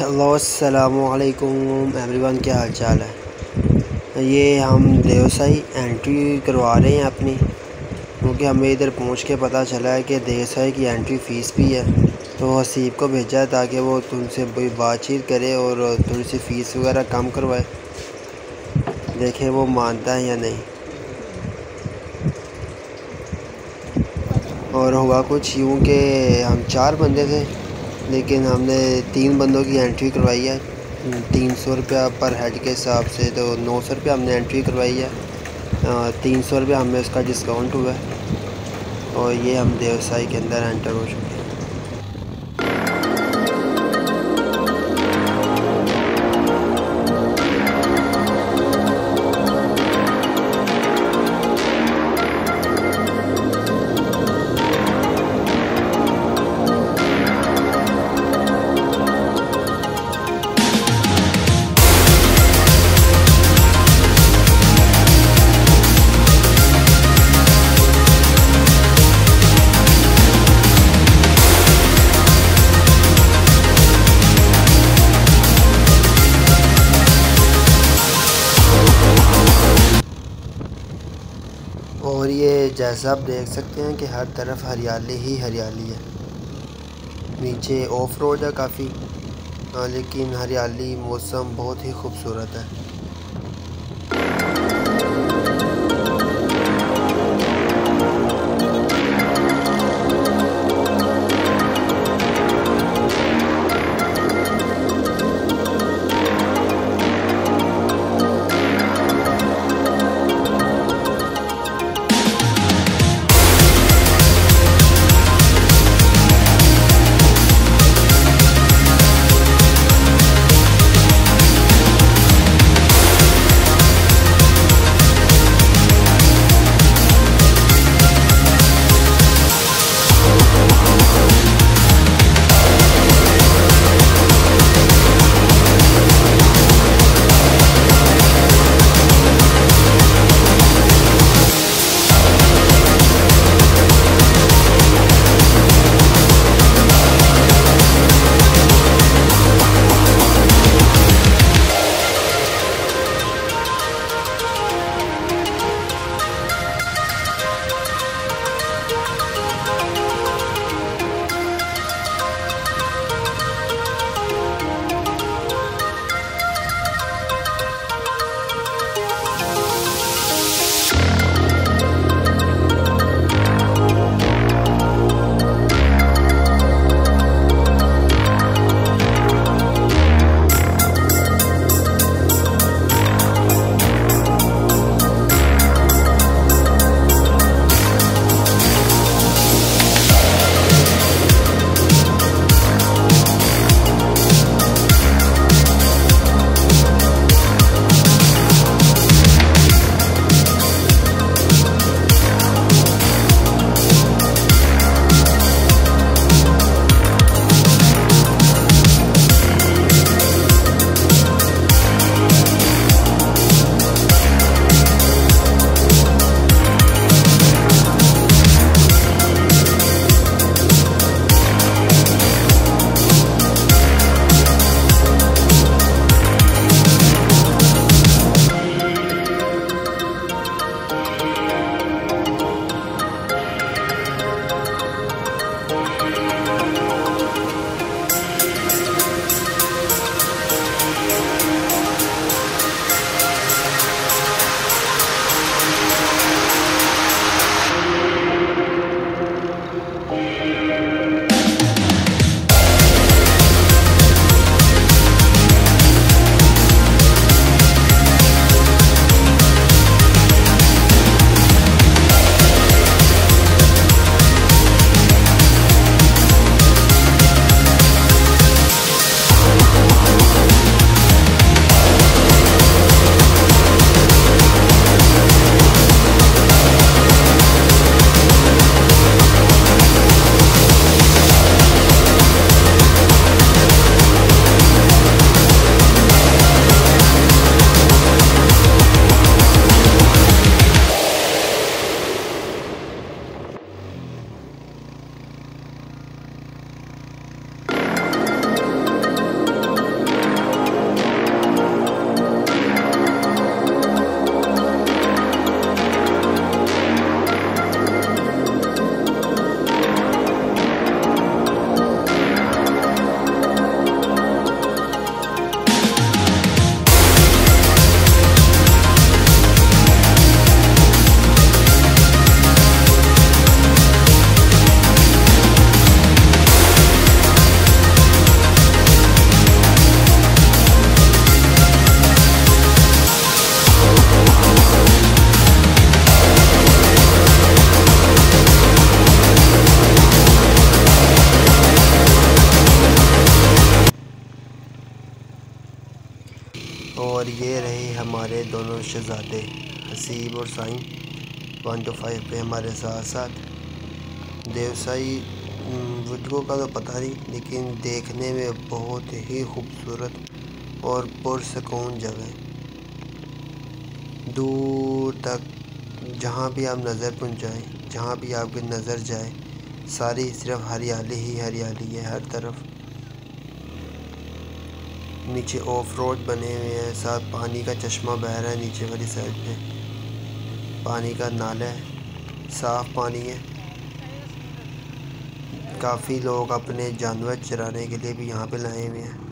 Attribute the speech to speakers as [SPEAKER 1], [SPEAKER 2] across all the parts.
[SPEAKER 1] hello السلام علیکم everyone کیا حال چال ہے یہ ہم دیوسائی انٹری کروا رہے ہیں اپنی کیونکہ ہمیں ادھر پہنچ کے پتہ چلا ہے کہ دیوسائی کی انٹری فیس بھی ہے تو حسیب کو بھیجا ہے تاکہ وہ تم سے بات چیت کرے اور تھوڑی سی فیس وغیرہ کم کروائے دیکھیں وہ مانتا ہے یا نہیں اور ہوا کچھ یوں کہ ہم چار بندے تھے لیکن ہم نے تین بندوں کی انٹری کروائی ہے تین سو روپیہ پر ہیڈ کے حساب سے تو نو سو روپیہ ہم نے انٹری کروائی ہے تین سو روپیہ ہمیں اس کا ڈسکاؤنٹ ہوا ہے اور یہ ہم دیوسائی کے اندر انٹر ہو چکے اور یہ جیسا آپ دیکھ سکتے ہیں کہ ہر طرف ہریالی ہی ہریالی ہے نیچے آف روڈ ہے کافی ہاں، لیکن ہریالی موسم بہت ہی خوبصورت ہے دونوں شہزادے حسیب اور سائن ون ٹو فائیو پہ ہمارے ساتھ ساتھ دیوسائی ویڈیو کا تو پتہ نہیں لیکن دیکھنے میں بہت ہی خوبصورت اور پرسکون جگہ دور تک جہاں بھی آپ نظر پہنچائیں جہاں بھی آپ کی نظر جائے ساری صرف ہریالی ہی ہریالی ہے ہر طرف نیچے آف روڈ بنے ہوئے ہیں ساتھ پانی کا چشمہ بہ رہا ہے نیچے والی سائڈ پہ پانی کا نالا ہے صاف پانی ہے کافی لوگ اپنے جانور چرانے کے لیے بھی یہاں پہ لائے ہوئے ہیں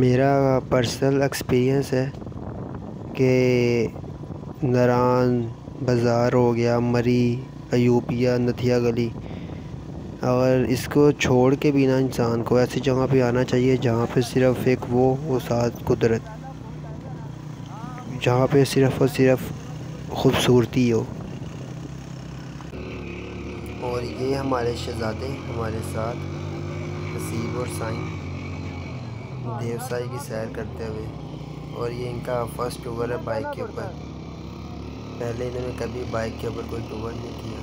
[SPEAKER 1] میرا پرسنل ایکسپیرئنس ہے کہ نران بازار ہو گیا مری ایوبیا نتھیا گلی اور اس کو چھوڑ کے بھی نا انسان کو ایسی جگہ پہ آنا چاہیے جہاں پہ صرف ایک وہ وسعت قدرت جہاں پہ صرف اور صرف خوبصورتی ہو اور یہ ہمارے شہزادے ہمارے ساتھ نصیب اور سائن دیوسائی کی سیر کرتے ہوئے اور یہ ان کا فرسٹ ٹور ہے بائک کے اوپر پہلے انہوں نے کبھی بائک کے اوپر کوئی ٹور نہیں کیا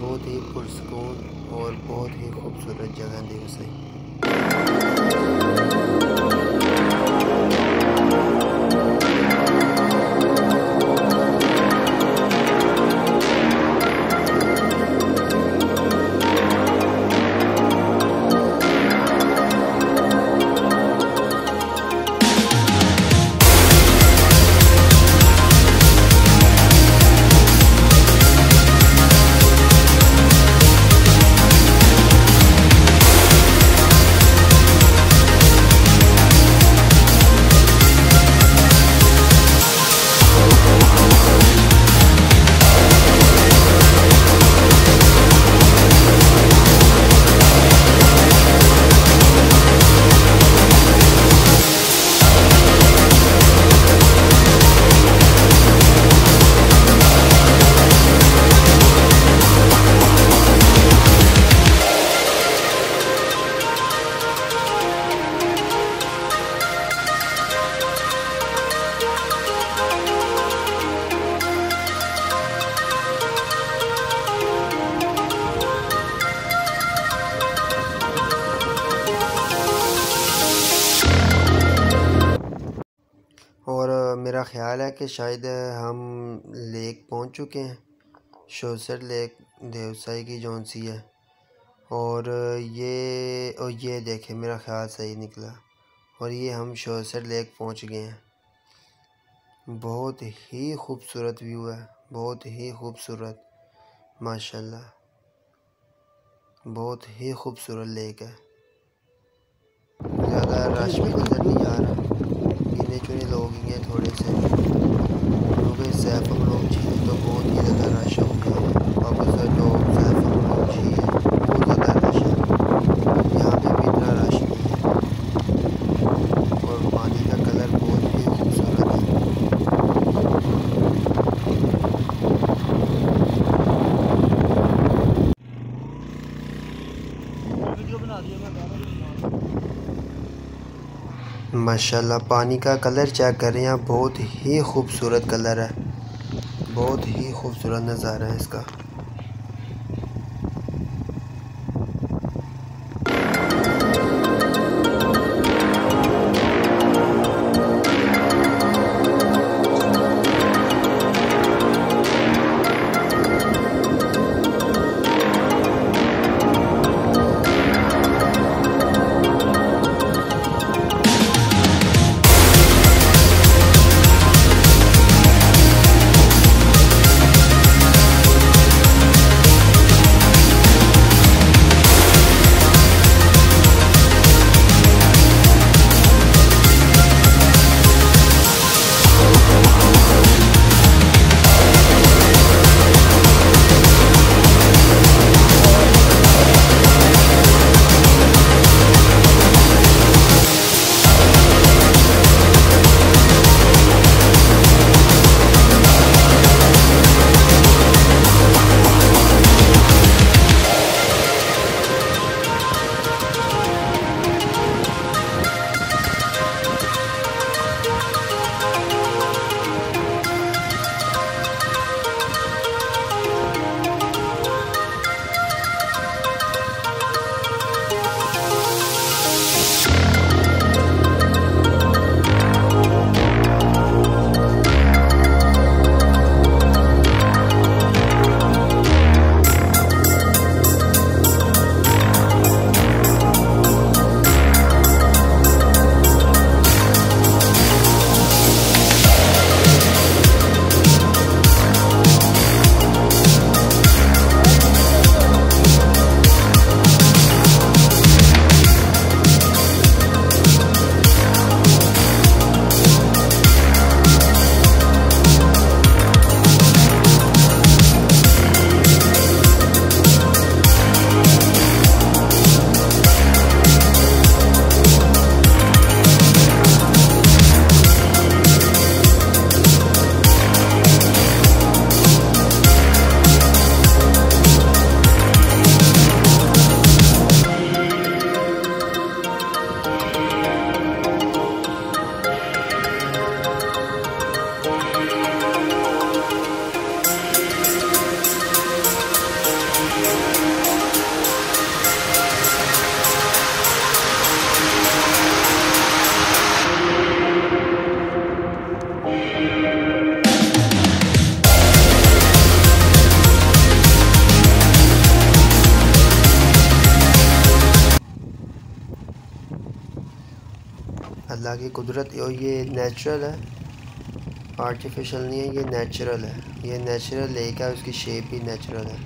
[SPEAKER 1] بہت ہی پرسکون اور بہت ہی خوبصورت جگہ دیوسائی کہ شاید ہم لیک پہنچ چکے ہیں شوسر لیک دیوسائی کی جونسی ہے اور یہ اور یہ دیکھیں میرا خیال صحیح نکلا اور یہ ہم شوسر لیک پہنچ گئے ہیں بہت ہی خوبصورت ویو ہے بہت ہی خوبصورت ماشاءاللہ بہت ہی خوبصورت لیک ہے زیادہ رش بھی گزر نہیں آ رہا گنے چونے لوگ ہی ہیں تھوڑے سے سیف لوگ جی تو بہت ہی زیادہ رش ہو گیا جو سیف ان جی ہے بہت زیادہ رش ہے یہاں پہ بھی اتنا رش نہیں ہے اور پانی کا کلر بہت ہی خوبصورت ہے ماشاءاللہ پانی کا کلر چیک کر رہے ہیں بہت ہی خوبصورت کلر ہے بہت ہی خوبصورت نظارہ ہے اس کا اللہ کی قدرت اور یہ نیچرل ہے آرٹیفیشل نہیں ہے یہ نیچرل ہے یہ نیچرل لیک ہے اس کی شیپ بھی نیچرل ہے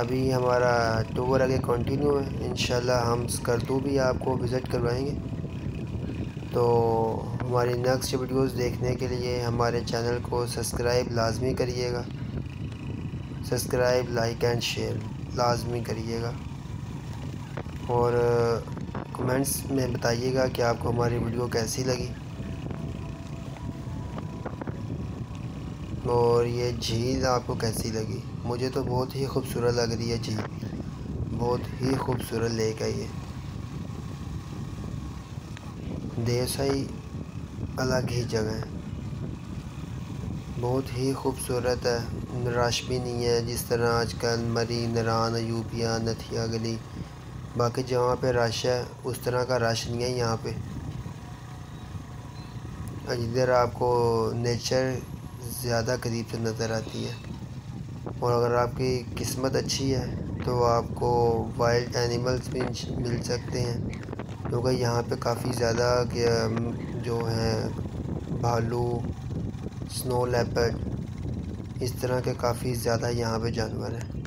[SPEAKER 1] ابھی ہمارا ٹور آگے کنٹینیو ہے انشاءاللہ ہم کرتو بھی آپ کو وزٹ کروائیں گے تو ہماری نیکسٹ ویڈیوز دیکھنے کے لیے ہمارے چینل کو سبسکرائب لازمی کریے گا سسکرائب لائک اینڈ شیئر لازمی کریے گا اور کمنٹس میں بتائیے گا کہ آپ کو ہماری ویڈیو کیسی لگی اور یہ جھیل آپ کو کیسی لگی مجھے تو بہت ہی خوبصورت لگ رہی ہے جھیل بہت ہی خوبصورت لیک ہے یہ ہی الگ ہی جگہ ہے بہت ہی خوبصورت ہے رش بھی نہیں ہے جس طرح آج کل مری نران ایوبیا نتھیا گلی باقی جہاں پہ راش ہے اس طرح کا نہیں ہے یہاں پہ ادھر آپ کو نیچر زیادہ قریب سے نظر آتی ہے اور اگر آپ کی قسمت اچھی ہے تو آپ کو وائلڈ اینیملز بھی مل سکتے ہیں کیونکہ یہاں پہ کافی زیادہ جو ہیں بھالو سنو لیپ اس طرح کے کافی زیادہ یہاں پہ جانور ہیں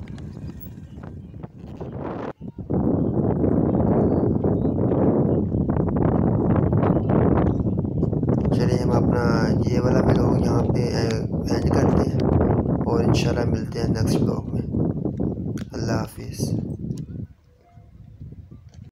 [SPEAKER 1] ملتے ہیں نیکسٹ بلاگ میں اللہ حافظ